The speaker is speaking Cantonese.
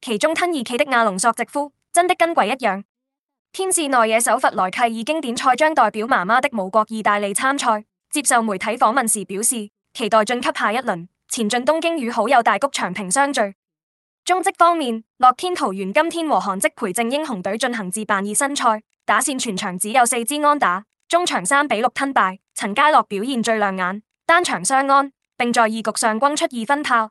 其中吞 2K 的阿隆索直呼，真的跟鬼一樣。天使內野手佛萊契爾經典賽將代表媽媽的母國意大利參賽。接受媒體訪問時表示，期待晉級下一輪，前進東京與好友大谷翔平相聚。中職方面，樂天桃猿今天和韓職培正英雄隊進行自辦熱身賽，打線全場只有四支安打，中場三比六吞敗。陳家樂表現最亮眼，單場雙安，並在二局上轟出二分炮。